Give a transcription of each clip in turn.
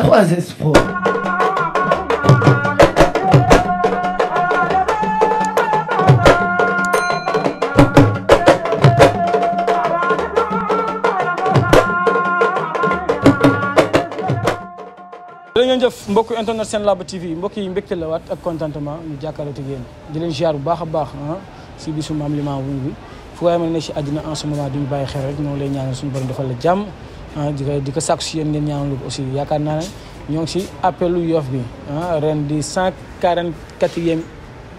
3S Pro jërëngeen jëf mbokk internet seen làmb yi mbégte la waat ak contentement ñu jàkkaarloo ak yéen di bu baax a baax ah, si bisu maam li maa wuñ bi fu waaye mën ne si àddina en ce moment bàyyi xel rek noonu lay ñaanal suñu borom defal la jàmm ah di ko di ko sàkku si yéen ngeen ñaanal ko aussi yaakaar naa ne ñoo ngi si appelu Yoff bi ren di cent quarante quatrième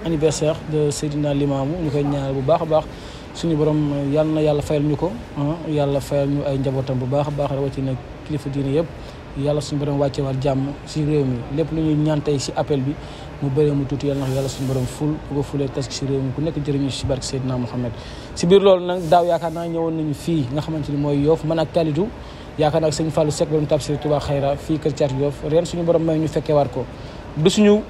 anniversaire de Seydina Limamou ñu koy ñaanal bu baax a baax suñu borom yal na yàlla fayal ñu ko yàlla fayal ñu ay njabootam bu baax a baax rawatina kilifa diine yëpp yàlla suñu borom wàcce waa jàmm si réew mi lépp lu ñuy ñaan tey si appel bi mu bëree mu tuuti yàlla na yàlla suñu borom ful bu ko fulee tas si réew mi ku nekk jëriñu si barke Seydina Mohamed si biir loolu nag daaw yaakaar naa ñëwoon nañu fii nga xamante ni mooy Yoff man ak Kalidou yaakaar naa ak sëñ Fallou Seck borom tafsir Touba Xayra fii kër Thiat Yoff ren suñu borom may ñu fekkee waat ko du suñu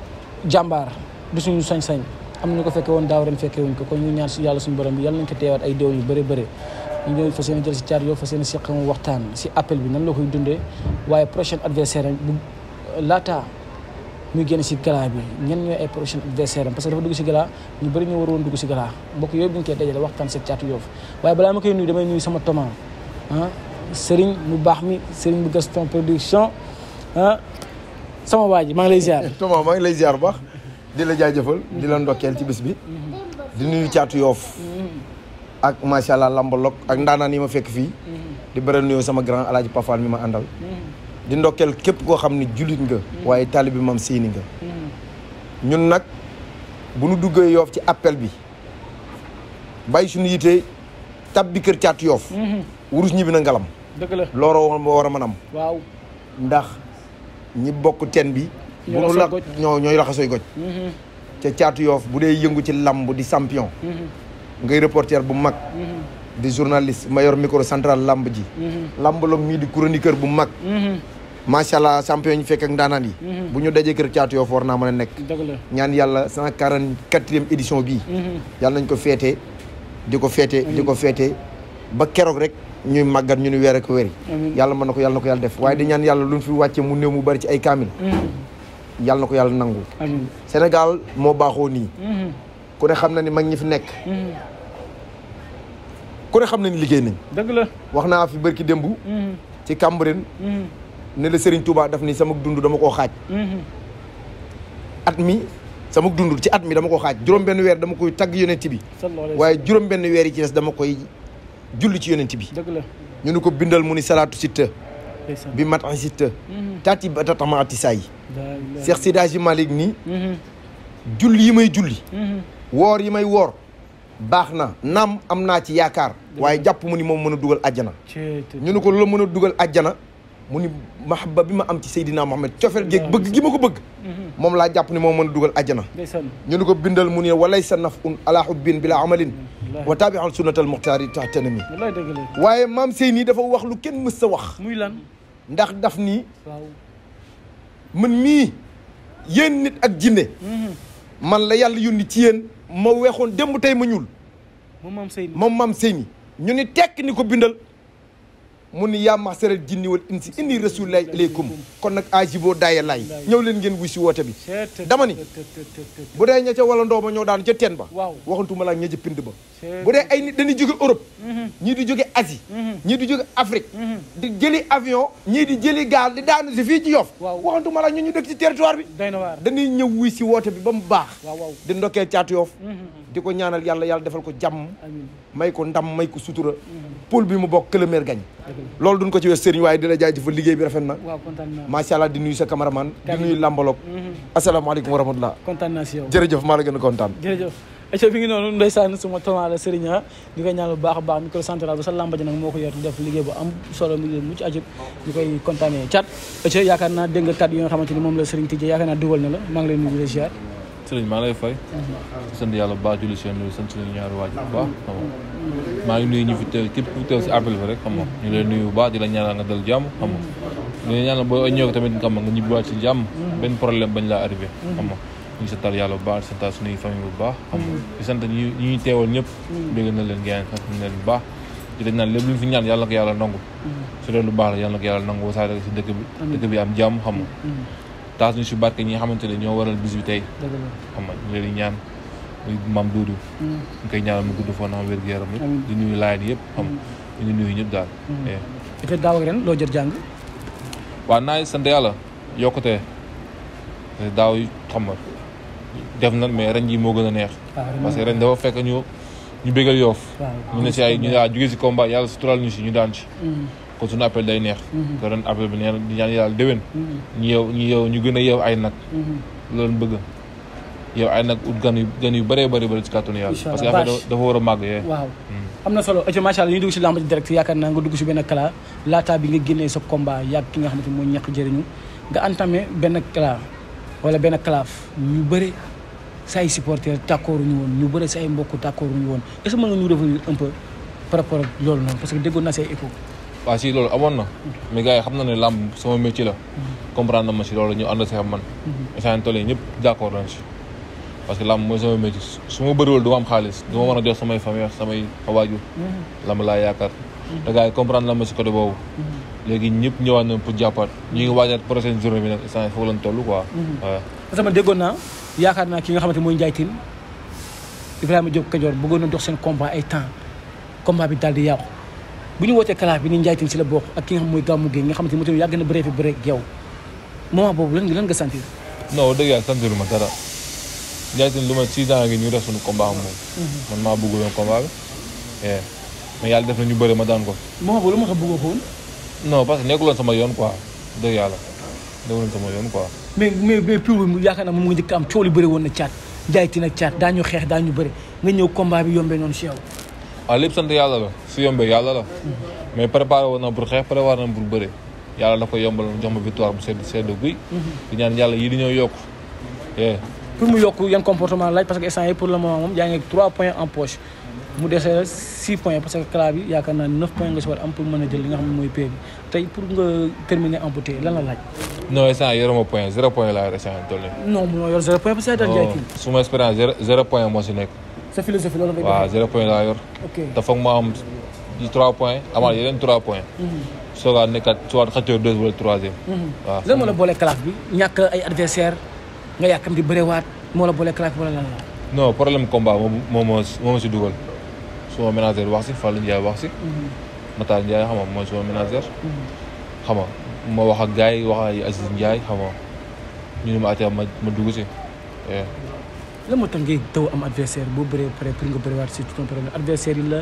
jàmbaar du suñu sañ-sañ am ñu ko fekke woon daaw ren fekkee wuñ ko kon ñu ñaan si yàlla suñu borom bi yàlla nañ ko teewaat ay déew yu bëri bëri ñu ñëw fas yéene jël si Thiat Yoff fas yéene seqam waxtaan si appel bi nan la koy dundee waaye prochain adversaire am bu laata ñu génn si gala bi ñen ñooy ay prochain adversaire parce si gala ñu bëri ñu dugg si gala mbokk yooyu bu ñu koy dajale waxtaan si sama toma ah sëriñ mu baax mi sëriñ bu Gaston production ah sama waa ji maa lay ziar. maa ngi lay ziar bu baax di la jaajëfal di la ndokkeel ci bis bi di nuyu caatu yoof ak macha allah lambalog ak ndaanaan yi ma fekk fii di bëri nuyoo sama grand alaaji Pafal mi ma àndal di ndokkeel képp koo xam ne jullit nga waaye taalibi mam seeni nga ñun nag bu nu duggee yoof ci appel bi bàyyi suñu yitee tab bi kër caatu yoof mhm. wurus ñibbi na ngalam dëgg a looloo moo war a mën am. waaw ndax ñi bokk teen bi. ñooy la ñoo ñooy raxasooy goj mm-hmm. ca caatu bu dee yëngu ci lamb di champion. Mm-hmm. ngay reporter bu mag. Mm-hmm. di journaliste ma yor micro central lamb ji. lamb lom mii di chroniqueur bu mag. macha allah champion ñu fekk ak ndaanaan yi. bu ñu dajee kër caatu yoof war naa a nekk. ñaan yàlla cent quarante édition bii. yàlla nañ ko féete di ko féete di ko féete ba keroog rek. ñuy màggat ñu ni weer ak weer mhm. yàlla mën na ko yàlla na ko yàlla def waaye di ñaan yàlla lu ñu fi wàccee mu néew mu bari ci ay kaamil mhm. yàlla na ko yàlla nangu Sénégal moo baaxoo nii mhm. ku xam na ni mag ñi fi nekk ku xam na ni liggéey nañ wax naa fi bërki démb ci Cambérène ne la Serigne Touba daf ni sama dund dama koo xaaj at mi sama dund ci at mi dama ko xaaj juróom benn weer dama koy tagg yonent bi waaye juróom benn weer yi ci des dama koy julli ci yonent bi ñu ni ko bindal mu ni salaatu sitta bi mat an sitta mhm. taati ba tatama ati saa yi Seex Malik ni mhm. julli yi may julli mhm. woor yi may woor baax na naam am naa ci yaakaar waaye jàpp mu ni moom mën a dugal àjjana ñu ni ko loolu mën a dugal àjjana mu ni mahabba bi ma am ci Seydina Mohamed cofeel géeg bëgg gi ma ko bëgg moom laa jàpp ni moom mën a dugal àjjana ñu ni ko bindal mu ni sa naf un ala hubbin bila amalin wa taabi'al sunnatal muxtaari tahtanami waaye maam Seyni dafa wax lu kenn mës sa wax. muy lan ndax daf nii man mii yéen nit ak jinne mhm. man la yàlla yónni ci yéen ma weexoon démb tey ma ñuul. moom maam Seyni moom maam Seyni ñu ni tekk ni ko bindal. mu ni yaa massaral jinni wal insi inni rasulilaahi aleykum kon nag ajibo daaya laay ñëw leen ngeen wuy si woote bi dama ni bu dee ña ca wala ndoo ma ñoo daanu ca teen ba waxantuma laa ña ca pind ba bu dee ay nit dañuy jóge Europe mhm. ñii di jóge Asie mhm. ñii di jóge Afrique mhm. di jëli avion ñii di jëli gaal di daanu si fii ci Yoff waxantuma ñu ñu dëkk ci territoire bi dañuy ñëw wuy si woote bi ba mu baax di ndokkee caatu Yoff di ko ñaanal yàlla yalla defal ko jàmm may ko ndam may ko sutura pool bi mu bokk que le maire gagne loolu ko ci wees sëriñ waaye di la jaajëfal liggéey bi rafet na macha allah di nuyu sa cameraman di nuyu làmbaloog mhm. asalaamaaleykum wa rahmatulah kontaan naa a kontaan noonu ndeysaan la sëriñ a ah. ñu koy ñaan bu baax a baax micro central ba sa làmba ji nag moo ko yor def liggéey bu am solo mu mucc ajib ñu koy yaakaar naa dégg nga kat moom la sëriñ tijjee yaakaar naa dugal na la maa ngi lay nuyu sëriñ maa lay fay. sant yàlla bu baax julli seen sant nañu ñaari waajur bu baax xam nga maa ngi nuyu ñu fi teew képp ku teew si appel bi rek xam nga ñu lay nuyu bu baax di la ñaanal nga dal jàmm xam nga ñu ñaanal booy ñëw tamit xam nga nga ñibbiwaat si jàmm benn problème bañ laa bu baax di santal leen bu fi ñaan yàlla ko yàlla nangu mm-hmm. su dee lu baax la yàlla ko yàlla nangu wasaare si dëkk bi dëkk bi am jàmm xam taas ñu si barke ñi nga xamante ne ñoo waral bis bi tey xam nga di ñaan muy maam Doudou mm. ñu koy ñaanal mu gudd foon na wér gu yaram yëpp di nuyu laayeen yëpp xam mm. daal mm. eh. dafay ren loo jër jàng waaw naa sant yàlla yokkute eh, daaw xam nga def na mais ren ji moo gën a neex ah, parce que dafa fekk ñu ñu bégal yoof ñu ne si ay ñu daa combat yàlla sutural ñu si ñu daan ci kon suñu appel day neex mhm. te ren appel ñu mhm. yow ñu yow ñu gën a yow ay nag mhm. loolu bëgg yow ay nag ut gan yu gan yu bëree bëri bëri ci kàttanu yàlla parce que affaire dafa war a màgg yooyu mm. am na solo aco macha allah ñu dugg si lamb ji direct yaakaar naa nga dugg si benn kala laataa bi nga génnee sa combat yàgg ki nga xamante mooy ñàkk jëriñu nga entamé benn kala wala benn kalaaf ñu bëri say supporter d'accord ñu woon ñu bëri say mbokk tàkkoor ñu woon est-ce que mën nga parce que déggoon naa say écho waaw si loolu amoon na. mais gars yi xam na ne làmb sama métier la. comprendre na ma si loolu ñu ànd si xam man. échange tool ñëpp d'accord nañ parce que làmb mooy sama métier su ma bëriwul du am xaalis du ma a jox samay famille samay waajur. ma laa yaakaar. Mhm. te gars yi comprendre na ma si côté boobu. Mhm. léegi ñëpp ñëwaat na pour jàppaat ñu ngi waajaat prochaine journée bi nag échange foofu lañ toll quoi. waaw. Mhm. parce que man déggoon naa yaakaar naa ki nga xamante mooy Ndiaye Tine ma Diop Kajoor bëggoon na dox seen combat ay temps combat bi daal di yàqu. bu ñu wootee kalaaf bi ni njaaytin si la bokk ak ki nga xam mooy gàmmu gi nga xamante ni moom yàgg na bëree fi bëree yow moment boobu lan lan nga sentir non dëgg yàlla sentir ma dara njaaytin lu ma six ans ngi ñu def suñu combat am moom mhm. man maa bëggoon combat bi mais yàlla def na ñu bëri ma daan ko moment boobu lu ma ko bëggoo ko woon non parce que nekkuloon sama yoon quoi dëgg yàlla nekkuloon sama yoon quoi mais mais mais pour yaakaar naa moom nga njëkk am coow li bëri woon na caat njaaytin ak caat daañu xeex daañu bëri nga ñëw combat bi yombee noonu si yow waaw lépp sant yàlla la su yombee yàlla la mais préparé woon na pour xeex préparé woon na pour bëre yàlla da ko yombal jox ma victoire bu sedd sedd guy yaakaar naa neuf points nga si war am pour mën a jël li nga xam ne mooy pay bi pour nga terminer en beauté lan la laaj non instant yoruma point zéro point laa yor instant toll espérance zéro point moo si nekk sa philosophie loolu ngay waaw zéro laa yor. ok ma am trois points amaat yeneen trois points. Mhm. soo gaa nekkat soit xëccoo deux wala troisième. Mhm. waaw moo la boole classe bi ñàkk ay adversaire nga yàkkam di bërewaat moo la boole classe bi wala lan la. non problème combat moom moo si dugal suma manager wax si Fallou Ndiaye wax si. Mhm. Matar Ndiaye xam nga mooy suma manager. xam nga ma wax ak gars yi wax ay Aziz Ndiaye xam nga ñu ne ma atya ma ma dugg si. Eh. la moo tax ngay daw am adversaire boo bëree pare pour nga bëriwaat si tout un problème adversaire yi la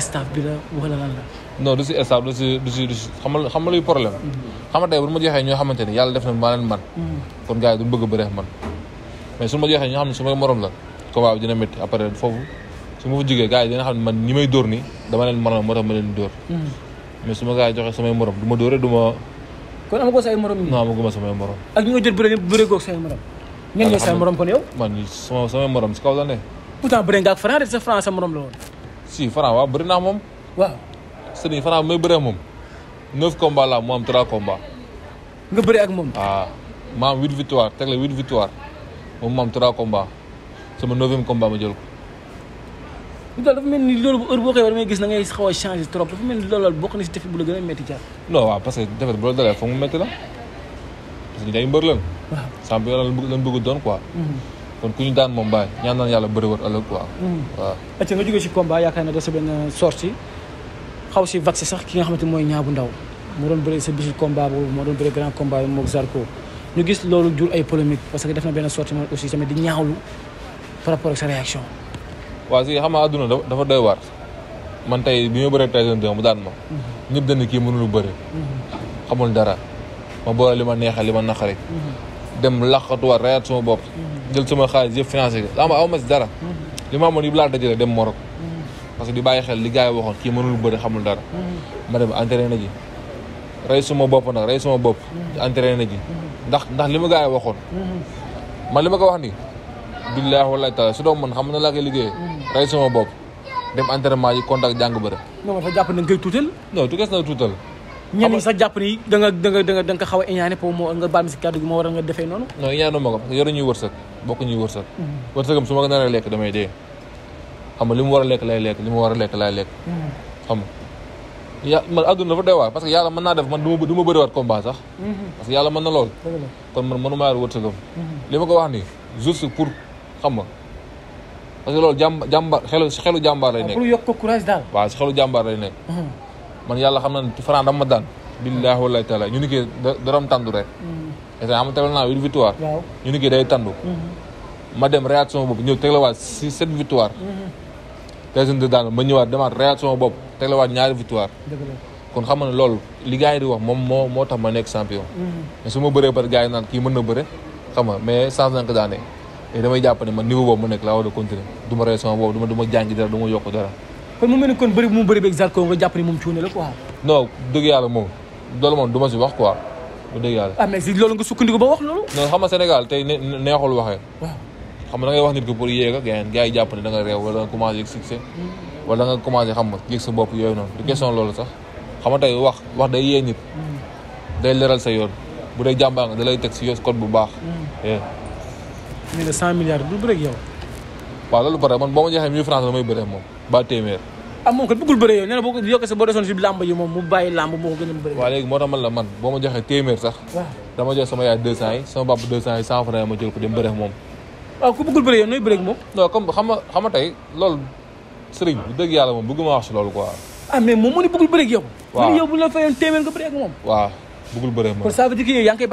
staff bi la wala lan la. non du si staff du si du si xam nga xam luy problème. Mm-hmm. xam nga tey bu ma joxee ñoo xamante ni yàlla def na maa leen man mm-hmm. kon gars yi duñ bëgg a bëree man. mais su ma joxee ñoo xam ne su may la combat bi dina métti après foofu su ma fa jugee gars yi dina xam ne man ñi may dóor nii dama leen morom moo tax ma leen dóor. Mm-hmm. mais su ma yi joxee samay morom du dóoree du kon amagoo say morom yi. non amaguma samay man sama sama morom si kaw la ne. pourtant bëri nga ak Franc rek sa Franc sa morom la woon. si Franc waaw bëri naa moom. waaw. sëriñ Franc may bëree moom. neuf combats la mu am trois combats. nga bëri ak moom. waaw ah, ma am huit victoire teg moom ma am trois combats sama neuvième combat ma jël ko. li daal dafa mel ni loolu bu heure boo koy dafa mel ni la gën a métti jaar. non waaw foog mu métti la. parce que ñu ay mbër lan champion doon quoi mhm. kon ku ñu daan moom bàyyi ñaan naan yàlla bëri war ëllëg quoi mhm. acca nga jógee si combat yaakaar na da sa benn sortie xaw si vaccin sax ki nga xamante mooy ñaa ndaw mu doon bëri sa bisu combat boobu moo doon bëri grand combat bi moog Zarko ñu gis loolu jur parce que def na benn sortie moom aussi tamit di ñaawlu par rapport ak sa réaction waaw si xam nga àdduna dafa doy waar man tey bi ñu bëree Tyson 2 daan ma mhm. ñëpp dañ ma boole li ma neexal li ma naqari dem laqatuwaat rayaat sama bopp jël sama xaalis yëpp financé la ma aw ma dara li ma amoon yëpp laa dajale dem Maroc parce que di bàyyi xel li gars yi waxoon kii mënul bëri xamul dara ma dem entraîné ji rey suma bopp nag rey suma bopp entraîné ji ndax ndax li ma gars yi waxoon man li ma ko wax ni billahi wallahi taala su doon man xam na laa koy liggéeyee rey suma bopp dem entraînement yi contact jàng bëri non ma na ngay tuutal tuutal ñenn ñi sax jàpp ni da nga da nga da nga xaw a iñaane pour moo nga baal mi si kàddu gi moo nga defee noonu non iñaanu ko yoru ñuy wërsëg bokk ñuy wërsëg mm-hmm. wërsëgam su a lekk damay dee xam li mu war a lekk lay lekk li mu a lekk lay lekk mm-hmm. xam nga ya man adduna dafa doy waar parce que yàlla naa def man du ma mm-hmm. na lool kon man mënu maa yor li ma ko wax ni juste pour xam nga parce que loolu jàmb jàmbaar xelu si xelu jàmbaar lay ah, nekk pour yokk ko courage daal waaw si xelu jàmbaar lay nekk man yàlla xam na ne Franc dama daan billaahi wallaahi taala ñu ni kii daram tàndu rek mm. et am tegal naa une victoire ñu ni kii day tàndu mm-hmm. ma dem réaction boobu ñëw teglawaat si sept victoire mm-hmm. Tyson de ma ñëwaat demaat réaction boobu teglawaat ñaari victoire kon xam nga ne loolu li gars yi di wax moom moo moo tax ma nekk champion mm-hmm. mais su ma bëree par gars yi naan kii mën na bëre xam nga mais sans nank daanee damay jàpp ne man niveau boobu ma nekk laa war a continuer du ma réaction boobu du ma du ma jàngi dara du ma yokk dara kon mu mel ni kon bëri bu mu bëri beeg Zarko nga jàpp ni moom cuune la quoi. non dëgg yàlla moom loolu moom du ma si wax quoi bu dëgg yàlla. ah mais si loolu nga sukkandiku ba wax loolu. non xam nga Sénégal tey neexul waxee. waaw xam nga da wax nit ko pour yéeg ak yi jàpp ne da nga réew wala da nga commencé yëg succès hmm. wala da nga commencé bopp yooyu noonu. du question loolu sax xam nga tey wax wax day yee nit. Hmm. day leeral sa yoon bu dee jàmbaar nga da lay teg si yoon code bu baax. Hmm. ñu ne 100 milliards du bëri ak yow. waaw loolu pare man boo ma jeexee mille francs la may bëree moom ba téeméer. ah moom kat bëggul bëre yow nee na boo ko yokkee sa boo desoon si làmb ji moom mu bàyyi làmb moo ko gën a bëri. waaw léegi moo tax man la man boo ma joxee téeméer sax. dama jox sama yaay 200 yi sama bàbb 200 yi 100 francs ma moom. xam nga xam nga tey loolu yàlla moom bëgguma wax si loolu quoi. ah mais moom moo ne bëggul bëre ak yow. waaw yow bu la fayoon téeméer nga bëre ak moom. waaw bëggul bëre moom kon ça veut dire que yow yaa ngi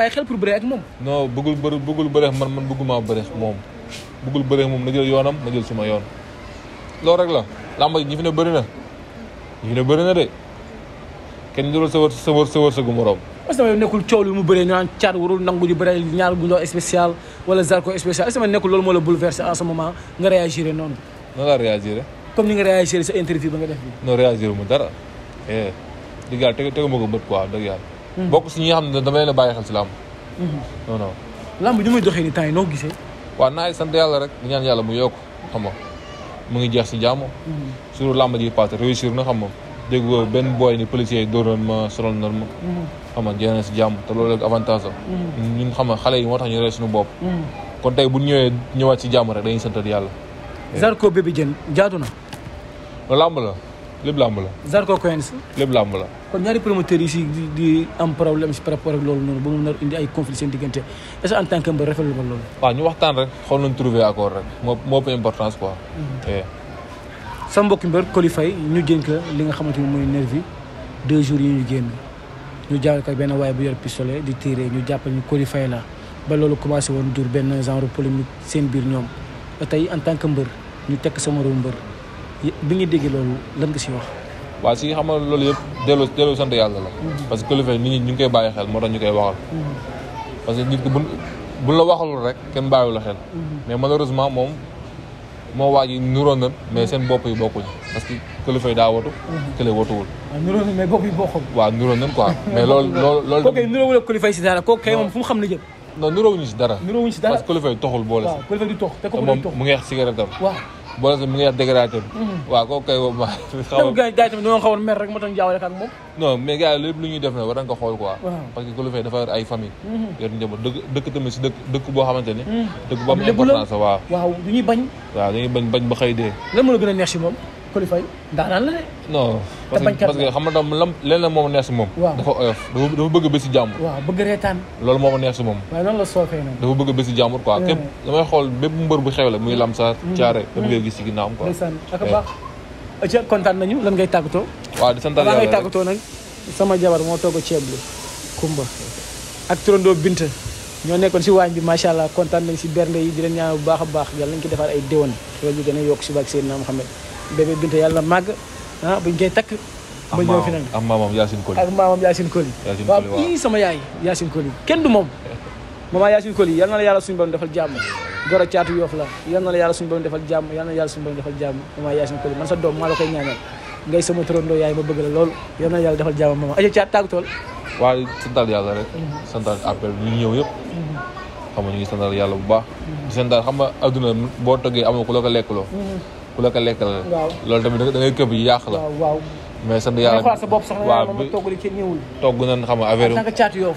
koy moom na jël yoonam na jël suma yoon loolu rek la lamba ñi fi ne bëri na ñi ne bëri na de kenn du sa wër sa wër sa wër sa gu morom est-ce que nekkul coow lu mu bëree ñu naan caat warul nangu ñu bëree ñaar gu ndox spécial wala zarko spécial est-ce que nekkul loolu moo la bouleversé en ce moment nga réagir noonu. nan comme ni nga réagir sa interview ba nga def bi non réagir mu dara. Eh, dëgg yàlla ma ko bët quoi dëgg yàlla. Hmm. bokk si ñi xam ne dama leen a bàyyi si làmb. Hmm. non non. làmb ñu muy doxee ni temps yi noo gisee. waaw naay sant yàlla rek ñaan yàlla mu yokk xam mu ngi jeex si jàmm. su làmb ji paase réussir na xam nga dégg benn booy ni policier yi dóoroon ma solol na ma. xam nga jeex na si jàmm te loolu rek avantage la. ñun xam nga xale yi moo tax ñu rey suñu bopp. kon tey bu ñu ñëwee ñëwaat si jàmm rek dañuy santat yàlla. Zarko Bébé Diène jaadu na. làmb la. lépp làmb la. Zarko Coins. lépp làmb la. kon ñaari promoteurs yi si di am problème si par rapport ak loolu noonu ba mu nar ay conflit seen diggante est-ce que en tant que mbër ñu rek xool nañu trouver accord rek moo moo ëpp importance quoi. Mm-hmm. Eh. sa mbokki mbër Coly Faye ñu jënk li nga xamante ni mooy nervi deux jours yi génn ñu jàll ko benn waaye bu yor pistolet ñu jàppal ñu Coly Faye ba loolu commencé woon dur benn genre polémique seen biir ñoom tey en tant que mbër ñu tekk sama moroom mbër. bi nga déggee loolu lan nga si wax. waaw si xam nga loolu yëpp delloo delloo yàlla la. parce que kilifa nit ñi ñu ngi koy bàyyi xel moo tax ñu koy waxal. parce que nit ki bu bu la rek kenn bàyyiwul la xel. mais malheureusement moom moo waaj yi nuroon na bopp yi bokkuñ parce que kilifa yi daa watu. kële watuwul. waaw ah, nuroon na mais bopp mu xam la jëm. boo mi ngi yor dégradateur mhm. waaw kooku kay boobu maa. xaw ma gars yi tamit dañoo xawoon mer rek moo tax ñu jaawale moom. non mais gars yi lépp lu ñuy def na war nañ ko xool quoi. parce que ku lu fay dafa yor ay famille. Mhm. yor njaboot dëkk tamit si dëkk boo xamante ni. Mhm. dëkk bu am importance waaw. waaw du ñuy bañ. waaw dañuy bañ ba xëy dee. lan moo la gën a neex si moom. Coly Faye na la de. non parce que parce que xam nga tam lam lenn la moom neex si moom. waaw dafa oyof euh, dafa bëgg bés si jàmbur. waaw bëgg reetaan. loolu moo ma neex si la soofee noonu. dafa bëgg bés si jàmbur quoi. Eh. képp damay xool bépp mbër bu xew la muy Lamsaar. Mm-hmm. Thiaré dama koy mm-hmm. gis si ginnaawam quoi. Eh. ak a baax. ca kontaan nañu lan ngay tàggatoo. waaw di sant yàlla ngay tàggatoo nag sama jabar moo togg ceeb li Kumba ak turandoo Binta ñoo nekkoon si waañ bi macha allah kontaan nañ si bernde yi di leen bu baax a baax yàlla nañ ko defar ay déwén loolu ñu gën a yokk si baag seen naam Muhammad bébé Binta yàlla na màgg ah buñ koy takk. ma ñëw fi nag ak maamam Yacine Koli ak maamam sama yaay Yacine Koli kenn du moom. maman Yacine Koli yal na la yàlla suñu borom defal jàmm goro caatu yoof la yal na la yàlla suñu defal jàmm yal na la yàlla defal jàmm maman Yacine Koli man sa doom maa la koy ñaanal ngay sama turandoo yaay ma bëgg la lool yal na la yàlla defal jàmm maman aja caat tàggu tool waaw santal yàlla rek mhm. santal appel ñu ñëw yëpp mhm. xam nga ñu ngi yàlla bu baax mhm. di xam nga adduna boo toggee amoo ku la ko lekk loo ku la ko lekkal loolu tamit da ngay këpp yi yàq la waaw mais sant yàlla xoolal sa bopp sax waaw togg nañ xam nga affaire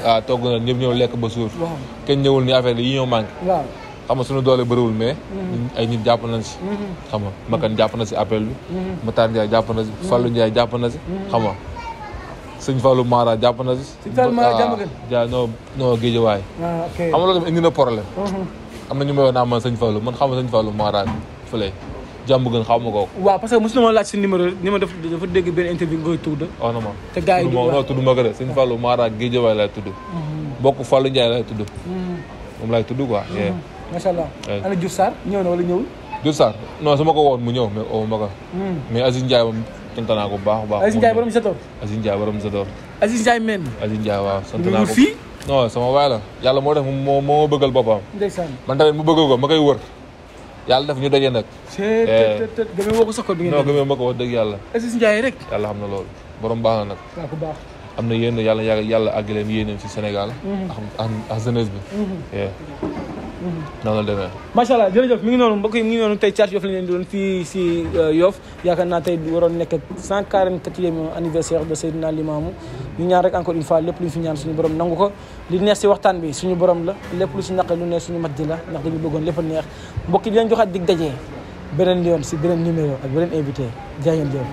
waaw togg nañ ñëpp ñëw lekk ba suur kenn ñëwul ni affaire yi ñoo manqué waaw xam nga suñu bëriwul mais mm-hmm. ay nit jàpp nañ si mm-hmm. xam nga Makan jàpp na si appel bi mm-hmm. Matar Ndiaye jàpp na si Fallou Ndiaye jàpp na si xam nga sëñ Fallou Mara jàpp na si sëñ Fallou Mara ah, jàmm gën ja non non géejawaay ah, xam nga loolu indi na problème am na ñu may wax naa man sëñ Fallou man xam sëñ Fallou Mara fële jàmm gën ma ko. waaw parce que mosu na ma laaj sa numéro ni ma dafa dafa dégg benn interview nga koy tudd. wax na ma te gars yi du Mara Guédiawaye laay tudd. mbokk mm-hmm. Fallou Ndiaye laay tudd. Mm-hmm. moom laay mm-hmm. allah ana Diouf Sarr ñëw na wala ñëwul. Diouf Sarr non su ma woon mu ñëw mais oo ma ko. Mm. baax a baax. Aziz Ndiaye borom Zator. Aziz Ndiaye borom Zator. Aziz Ndiaye men. Aziz Ndiaye waaw sant naa ko la moo def moo moo bëggal boppam. ndeysaan man tamit mu bëgg ko ma koy wër yàlla def ñu daje nag. Eh. gëmee woo ko sax ko du ngeen. non gëmee ma ko wax dëgg yàlla. Aziz Ndiaye rek. yàlla xam na loolu borom baax na nag. waaw ku baax. am na yéen yàlla yàlla àgg leen yéeneen ci Sénégal. Mm-hmm. ak jeunesse bi. Mm-hmm. Eh. Mhm. noonu la demee macha allah jërëjëf mi ngi noonu mbokk yi mi ngi noonu tey caatu Yoff la leen di doon fii si euh, Yoff yaakaar naa tey waroon nekk cent quarante-quatrième anniversaire de Seydina Limamou ñu ñaan rek encore une fois lépp lu ñu fi ñaan suñu borom nangu ko li neex si waxtaan bi suñu borom la lépp lu si naqe lu neex suñu mat di la ndax dañu bëggoon lépp a neex mbokk yi di leen joxaat dig dajee beneen yoon si beneen numéro ak beneen invité jaa ngeen